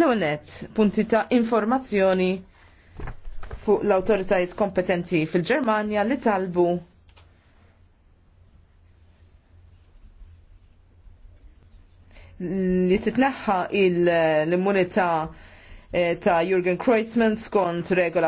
L-ewnet, punti ta' informazzjoni fuq l-autoritajiet kompetenti fil-Ġermanja li talbu li titneħħa l-immunità eh, ta' Jürgen Kreuzmann skont regola